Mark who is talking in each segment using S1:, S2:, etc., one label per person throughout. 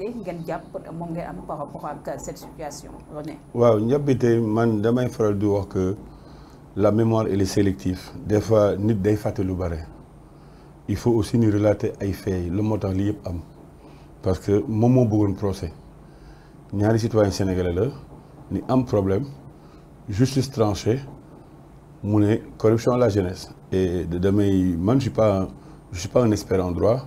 S1: ñabbite ngeen été moom am par rapport à cette situation René
S2: Oui, ñabbite man que la mémoire elle est sélective des fois nit day fàtte lu bare il faut aussi nous relater ay faits le la moo am parce que moment a un procès ñaari citoyens sénégalais y ni un problème justice tranchée mu corruption à la jeunesse et demain, je ne suis pas un expert en droit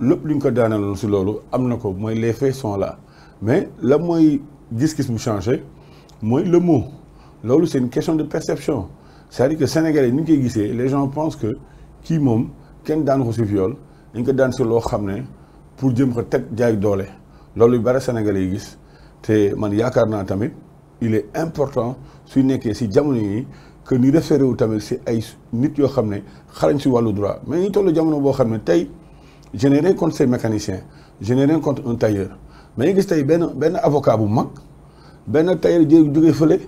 S2: Le plus ñu ko daaneeloon si loolu am ko les faits sont là mais la mooy gis qu'ils mu changer. Moi le mot loolu c'est une question de perception c'est-à-dire que sénégalais ni qui koy les gens pensent que qui m'ont kenn daan ko si viol une ko dans si loo xam pour jëm ko teg jaay doole loolu yu bari sénégalais yi gis te man yaakaar tamit il est important suy nekkee si Jamoni yi que nous référé wu tamit si ay nit yoo xam ne xarañ si wàllu droit mais ñu tollu jamono bo xamné tay je n'ai rien contre ces mécaniciens je n'ai rien contre un tailleur mais il gis tey benn benn avocat bu mag un tailleur jë jógee fële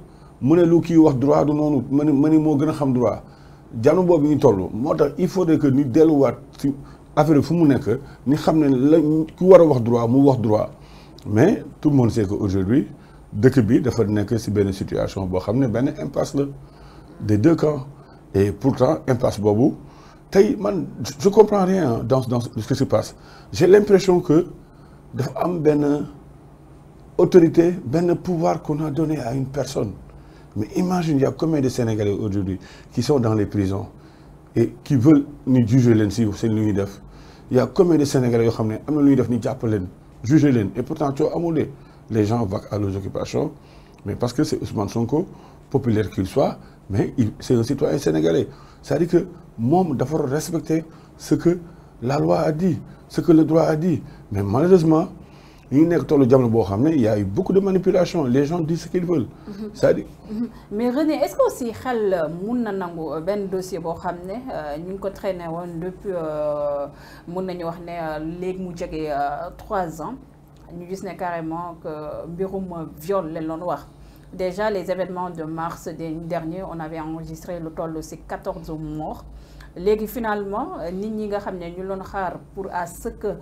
S2: mu ne lu kii wax droit du noonu ma ni ma ni moo a xam droit janu un ñu toll moo tax il faudrait que nous delluwaat ci affaire fu mu nekk ñu xam ne ku war a wax droit mu wax droit mais tout le monde sait que aujourd'hui dëkk bi dafa nekk ci benn situation boo xam ne benn impasse la des deux camps et pourtant impasse boobu je ne comprends rien hein, dans dans ce qui se passe j'ai l'impression que y a une autorité un pouvoir qu'on a donné à une personne mais imagine il y a combien de Sénégalais aujourd'hui qui sont dans les prisons et qui veulent nous juger leen si seen il y a combien de Sénégalais qui ont nous am na juger et pourtant as les gens vont à l'occupation. occupations mais parce que c'est Ousmane Sonko populaire qu'il soit mais c'est un citoyen sénégalais. C'est-à-dire que je d'abord respecter ce que la loi a dit, ce que le droit a dit. Mais malheureusement, il y a eu beaucoup de manipulations. Les gens disent ce qu'ils veulent. Mhm.
S1: Mhm. Mais René, est-ce que aussi xel euh, mun un euh, dossier bo xamné euh, ñu ko depuis wax trois ans ñu gis carrément que bureau viole les lois wax. Déjà, les événements de mars dernier, on avait enregistré le toll de 14 morts. finalement nous avons nga pour à ce que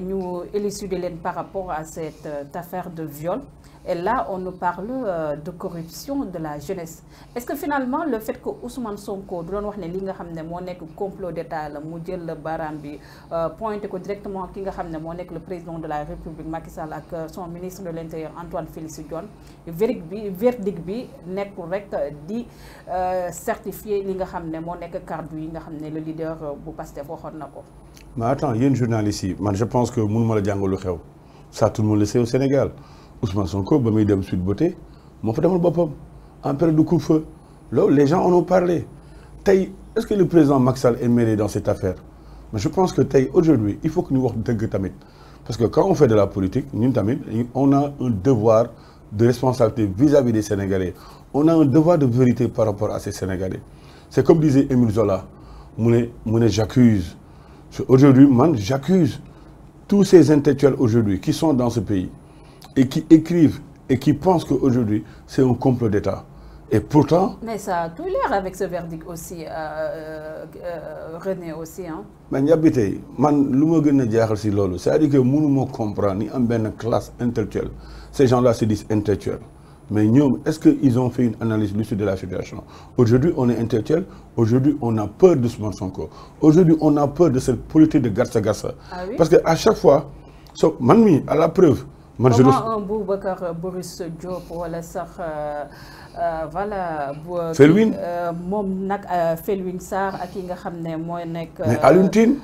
S1: nous élucider par rapport à cette euh, affaire de viol et là, on nous parle euh, de corruption de la jeunesse. Est-ce que finalement, le fait que Ousmane Sonko, nous avons dit que le complot d'État, le Barambi, euh, pointe directement le président de la République, Macky Sall, euh, son ministre de l'Intérieur, Antoine Félix Dion, verdict verdict n'est correct, di certifier li nga xamné mo nek cadre le leader bu Pastef waxon nako
S2: mais attends journaliste je pense que ça tout le monde le sait au Sénégal Ousmane Sonko je suis dem de Beauté moo fa le boppam en période de feu les gens en ont parlé est-ce que le président Maxal est mêlé dans cette affaire mais je pense que aujourd'hui il faut que nous wax dëgg tamit parce que quand on fait de la politique on a un devoir de responsabilité vis-à-vis des Sénégalais on a un devoir de vérité par rapport à ces Sénégalais c'est comme disait Emile Zola j'accuse aujourd'hui moi j'accuse tous ces intellectuels aujourd'hui qui sont dans ce pays et qui écrivent et qui pensent qu'aujourd'hui, c'est un complot d'État. Et pourtant...
S1: Mais ça a tout l'air avec ce verdict aussi, euh, euh, euh, René aussi. Hein?
S2: Mais Ndiabite, man, ce c'est-à-dire que nous ne comprenons ni une classe intellectuelle. Ces gens-là se disent intellectuels. Mais est-ce qu'ils ont fait une analyse sud de la situation Aujourd'hui, on est intellectuel. Aujourd'hui, on a peur de ce mensonge. Aujourd'hui, on a peur de cette politique de garça-garça. Ah oui? Parce qu'à chaque fois, so, Manmi, à la preuve, man je un
S1: Boubacar euh, Boris Diop wala sax euh, euh, voilà. Felwine mom nak felwin sar ak yi nga xamné moy nek nekk. mais Alioune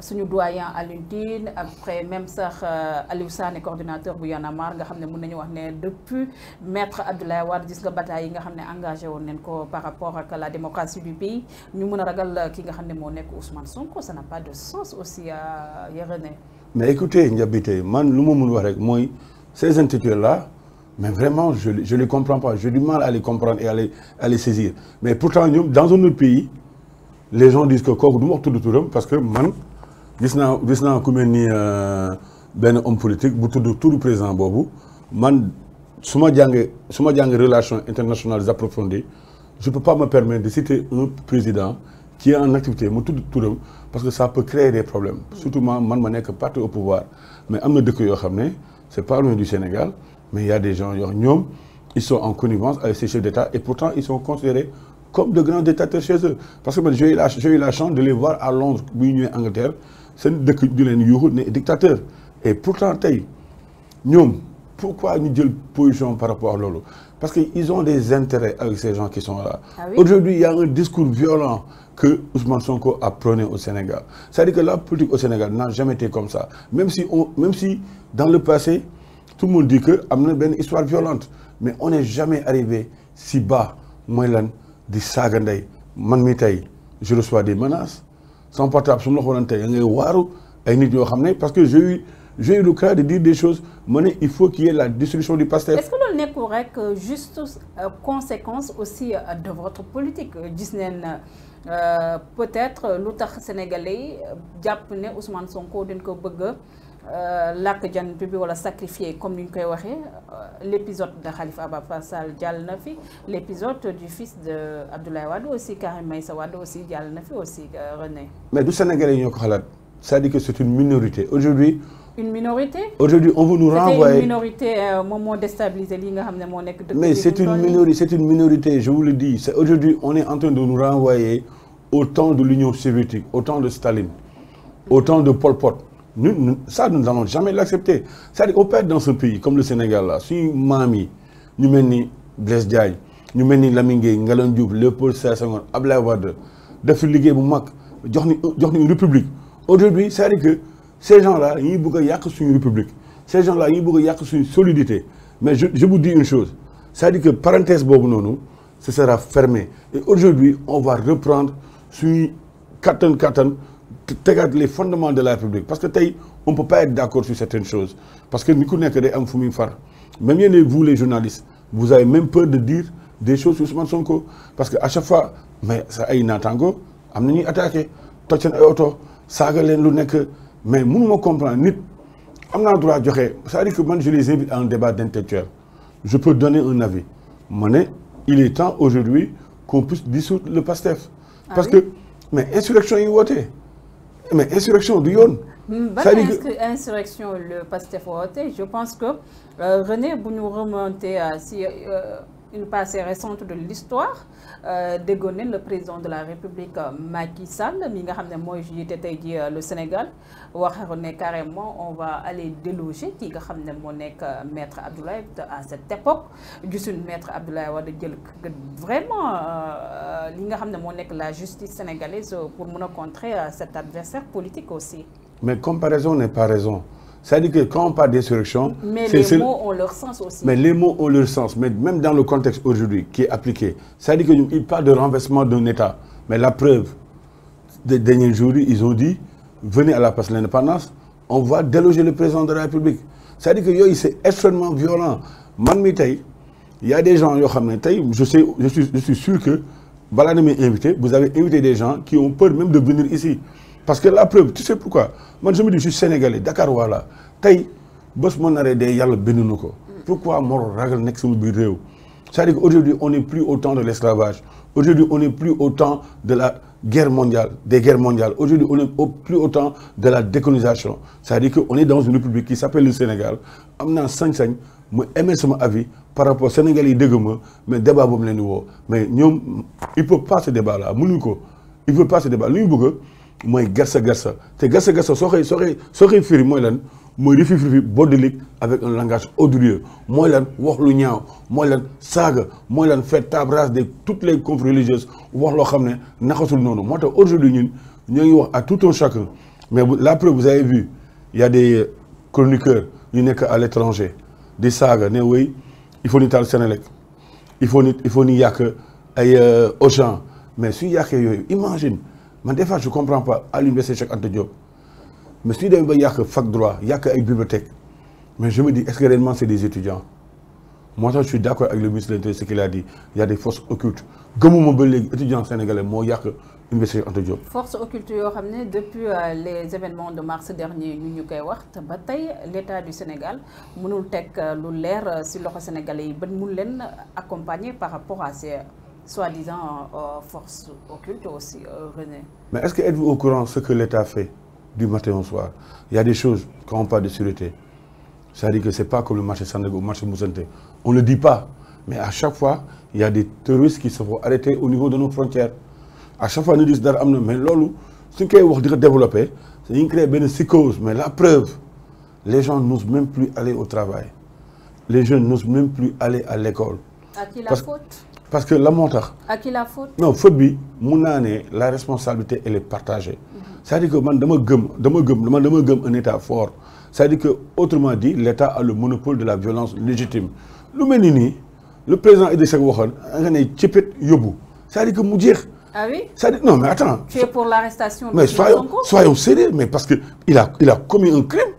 S1: suñu doyen aluntine après même sax Aliou Sané coordinateur bu Y'en a nga xamné ne mën nañu wax né depuis maître Abdoulaye Wade gis nga bataille yi nga xamné engagé won nañ ko par rapport ak la démocratie du pays ñu mëna ragal ki nga xamné mo nek Ousmane Sonko ça n'a pas de sens aussi à Yéréné
S2: mais écoutez Ndiabité man lu ma ces intitulés là mais vraiment je ne les comprends pas j'ai du mal à les comprendre et à les à les saisir mais pourtant dans un autre pays les gens disent que ne du pas tout parce que man gis suis gis naa euh, homme politique bu ne tout président boobu man ma relations internationales approfondies je peux pas me permettre de citer un président qui est en activité tout parce que ça peut créer des problèmes surtout man ma suis parti au pouvoir mais y a des gens qui ne pas loin du Sénégal mais il y a des gens qui ils sont en connivence avec ces chefs d'État et pourtant ils sont considérés comme de grands dictateurs chez eux parce que j'ai eu la chance de les voir à Londres ils Angleterre c'est un dictateur et pourtant pourquoi nous jël position par rapport à Lolo parce qu'ils ont des intérêts avec ces gens qui sont là ah aujourd'hui il y a un discours violent que Ousmane Sonko a prôné au Sénégal. C'est-à-dire que la politique au Sénégal n'a jamais été comme ça. Même si, on, même si dans le passé, tout le monde dit qu'il y a une histoire violente. Mais on n'est jamais arrivé si bas, moi, di ndey man je reçois des menaces sans portable absolument la parce que j'ai eu eu le cas de dire des choses il faut qu'il y ait la dissolution du pasteur. est-ce que
S1: l'on est correct, juste euh, conséquence aussi euh, de votre politique disney euh, peut-être l'outar sénégalais japonais Ousmane Sonko dañ bëgg a euh, làkk jant bi wala sacrifier comme une euh, l'épisode de Khalifa abbasal Sall dial l'épisode du fils de Abdoulaye Wade aussi Karim Maïssa Wade aussi dial na aussi René.
S2: mais du sénégalais ça y c'est-à-dire que c'est une minorité aujourd'hui
S1: une minorité aujourd'hui
S2: on veut nous renvoyer une
S1: minorité un euh, moment déstabilisé. mais c'est une minorité
S2: c'est une minorité je vous le dis aujourd'hui on est en train de nous renvoyer au temps de l'Union soviétique au temps de Staline au temps de Pol Pot ça nous n'allons jamais l'accepter c'est-à-dire qu'on perd dans ce pays comme le Sénégal là si mami nous ñu mel ni Blaise Diagne ñu mel ni Lamine Gueye Ngalandou Diouf Léopold Sédar Wade def une république aujourd'hui c'est-à-dire que ces gens-là ils bëgg que sur une république ces gens-là ils bëgg que sur une solidité mais je vous dis une chose c'est-à-dire que parenthèse ce sera fermé et aujourd'hui on va reprendre sur les fondements de la république parce que on ne peut pas être d'accord sur certaines choses parce que ni am même vous les journalistes vous avez même peur de dire des choses sur ce Sonko parce que à chaque fois mais ça ay un am na attaquer attaqué mais nous ne nit am droit joxe c'est-à-dire que je les invite à un débat d'intellectuel je peux donner un avis il est temps aujourd'hui qu'on puisse dissoudre le PASTEF ah parce que mais insurrection a eu, mais insurrection du
S1: parce hmm, que insurrection le PASTEF eu. je pense que euh, René nous remontez à si euh, une passée récente de l'histoire euh, le président de la république euh, Macky Sall mi nga xamné moy euh, le Sénégal carrément on va aller déloger ki nga xamné euh, maître Abdoulaye à cette époque gisuñ maître Abdoulaye vraiment li nga la justice sénégalaise pour nous rencontrer cet adversaire politique aussi
S2: mais comparaison n'est pas raison ça dit que quand on parle d'insurrection... Mais les mots
S1: ont leur sens aussi. Mais
S2: les mots ont leur sens. même dans le contexte aujourd'hui qui est appliqué, ça dit dire qu'il parle de renversement d'un État. Mais la preuve, des derniers jours, ils ont dit, venez à la place de l'indépendance, on va déloger le président de la République. Ça à dire que c'est extrêmement violent. il y a des gens, je, sais, je, suis, je suis sûr que, vous avez invité des gens qui ont peur même de venir ici parce que la preuve tu sais pourquoi Moi, je me dis je suis sénégalais Dakar voilà tey bés mon arrêté, le pourquoi mort ragal suis pas biir réew. c'est-à-dire qu'aujourd'hui on n'est plus autant de l'esclavage aujourd'hui on n'est plus autant de la guerre mondiale des guerres mondiales aujourd'hui on n'est plus autant de la décolonisation c'est-à-dire qu'on est dans une république qui s'appelle le Sénégal am 5 sañ-sañ mu émettre avis par rapport Sénégal Sénégalais, mais le mais débat est mais nous, il peut pas se débat là ne ko il peut pas se débat moy garsa garsa te lan avec un langage odieux moy lan wax lu ñaaw lan lan fait de toutes les religieuses wax aujourd'hui ñun à tout un chacun mais la preuve vous avez vu il y a des euh, chroniqueurs ñu sont à l'étranger des sages, né il faut il faut il faut ni yak ay gens, euh, mais su imagine man des fois je comprends pas à l'université Cheikh Anta Diop mais si ñu demee ba fac droit yàq ay bibliothèque mais je me dis est-ce que réellement c'est des étudiants Moi, je suis d'accord avec le ministre de l'Intérieur ce qu'il a dit il y a des forces occultes gëmuma ba les étudiants sénégalais moo yàq université Anta Diop.
S1: forces occultes yoo depuis euh, les événements de mars dernier l'État du Sénégal mënul teg euh, lu leer ci euh, sénégalais ben ba par rapport à ces soi-disant euh, euh, force occulte aussi, euh, René.
S2: Mais est-ce que êtes-vous au courant de ce que l'État fait du matin au soir Il y a des choses, quand on parle de sécurité, c'est-à-dire que ce n'est pas comme le marché Sandago, le marché Moussante. On ne le dit pas, mais à chaque fois, il y a des terroristes qui se font arrêter au niveau de nos frontières. À chaque fois, nous disons mais lolo, ce qui veut dire développer, c'est une créer une psychose. Mais la preuve, les gens n'osent même plus aller au travail. Les jeunes n'osent même plus aller à l'école.
S1: À qui la faute
S2: parce que la montre.
S1: à qui la faute. non
S2: faute bi mun la responsabilité elle est partagée. Mhm. c'est-à-dire que man dama je dama gomme, man dama gomme. un état fort c'est-à-dire que autrement dit l'état a le monopole de la violence légitime lu le président Idrissa Seck waxoon nga ne cëppet c'est-à-dire que mu ah oui non mais attends. tu
S1: es pour l'arrestation de mais soyons
S2: sérieux mais parce qu'il a il a commis un crime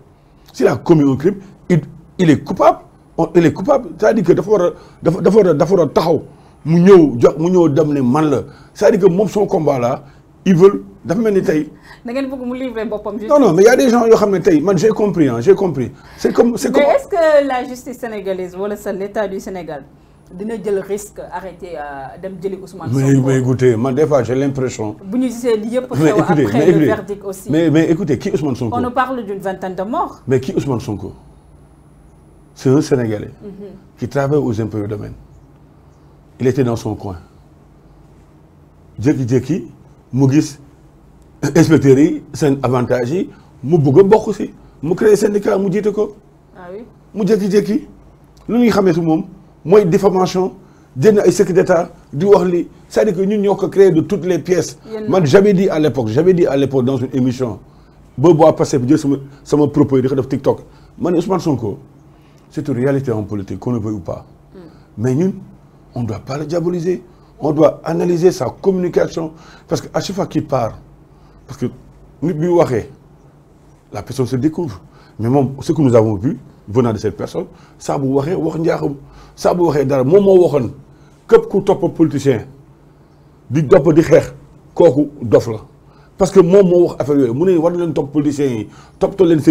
S2: s'il a commis un crime il il est coupable il est coupable c'est-à-dire que d'abord, d'abord, d'abord, d'abord, c'est-à-dire que mon son combat là ils veulent non
S1: non mais il y a des gens
S2: qui ont ne man j'ai compris hein, j'ai compris c'est comme c'est mais est-ce
S1: que la justice sénégalaise wala l'état du Sénégal. dina jël risque arrêter euh, dem jëli Ousmane Sonko. mais mais
S2: écoutez man des fois j'ai l'impression.
S1: Mais écoutez, li yëpp xew le verdict aussi. mais
S2: mais écoutez qui Ousmane Sonko. on nous
S1: parle d'une vingtaine de morts.
S2: mais qui Ousmane Sonko c'est un Sénégalais. Mhm. qui travaille aux impôts de domaines il était dans son coin jékki-jékki mu gis inspecteurs yi seen avantage yi mu bëgg a bokk si créé syndicat mu jiite ko. ah oui mu jékki-jékki lu ñuy xamee si moom mooy diffamation jënd ay secrétaire d'état di wax li c'est-à-dire que nous, ñoo créé de toutes les pièces. man j'avais dit à l'époque j'avais dit à l'époque dans une émission ba boo passé pour dire sama sama propos de di def TikTok man Ousmane Sonko c'est une réalité en politique qu'on le veuille ou pas hmm. mais nous, on ne doit pas le diaboliser. On doit analyser sa communication. Parce qu'à chaque fois qu'il parle, parce que la personne se découvre. Mais ce que nous avons vu, venant de cette personne, ça vous waxe wax njaaxum ça bu waxee dara le moo politicien di parce que mon affaire war top mais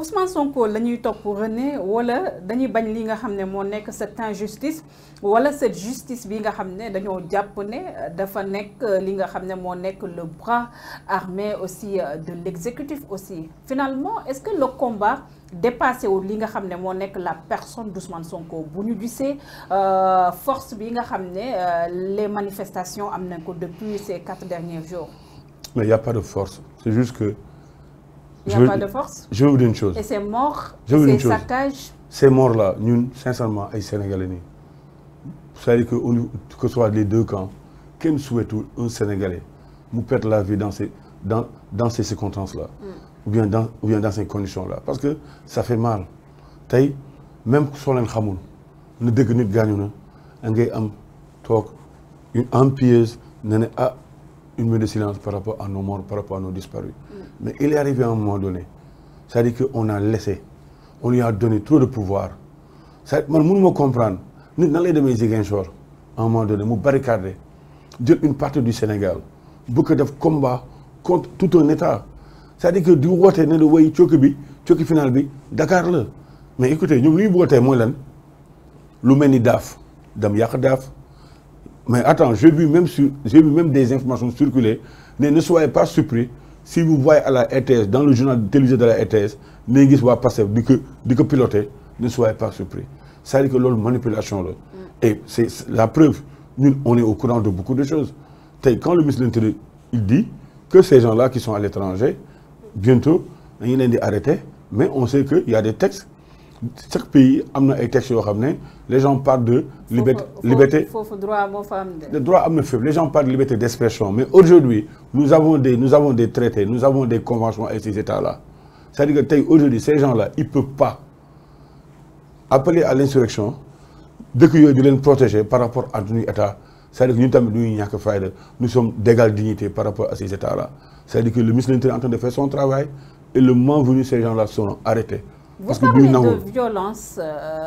S1: Ousmane Sonko lañuy top wala dañuy li nga cette injustice wala cette justice bi nga xamné japp né dafa le bras armé aussi euh, de l'exécutif aussi finalement est-ce que le combat dépassé li nga la personne d'Ousmane Sonko buñu euh, force bi nga euh, les manifestations amna depuis ces quatre derniers jours.
S2: Mais il n'y a pas de force. C'est juste que... Il n'y a pas de force Je vais vous dire une chose. Et c'est
S1: mort, c'est saccage
S2: Ces morts-là, nous, sincèrement, les Sénégalais, c'est-à-dire que, que ce soit les deux camps, nous souhaite un Sénégalais nous perdre la vie dans ces, dans, circonstances-là, mm. ou, bien dans, ces conditions-là. Parce que ça fait mal. même si on ne sait pas, nous gagner. avons une ah, une minute de silence par rapport à nos morts, par rapport à nos disparus. Mais il est arrivé à un moment donné, c'est-à-dire qu'on a laissé, on lui a donné trop de pouvoir. Ça, man mënuma comprendre pas. nan lay demee Ziguinchor à un moment donné nous barricadé une partie du Sénégal Beaucoup de combat contre tout un état c'est-à-dire que du roi ne la way cokki bi cokki final bi Dakar mais écoutez nous li ñu bootee mooy lan lu ni daaf mais attends, j'ai vu, même vu même des informations circuler. Mais ne soyez pas surpris si vous voyez à la RTS, dans le journal télévisé de la RTS, Nengis va passer, du que, piloté, ne soyez pas surpris. Ça veut dire que l'autre manipulation. Là. Mm. Et c'est la preuve, nous, on est au courant de beaucoup de choses. Quand le ministre de l'Intérieur il dit que ces gens-là qui sont à l'étranger, bientôt, ils est arrêté, arrêtés, mais on sait qu'il y a des textes chaque pays a les gens parlent de liberté les gens parlent de liberté d'expression mais aujourd'hui nous avons des nous avons des traités nous avons des conventions avec ces états là c'est-à-dire que aujourd'hui ces gens là ils ne peuvent pas appeler à l'insurrection de protéger par rapport à nous. c'est-à-dire que nous, nous sommes d'égale dignité par rapport à ces états là c'est-à-dire que le ministre de est en train de faire son travail et le moment venu ces gens là seront arrêtés vous parlez de
S1: violence. Euh,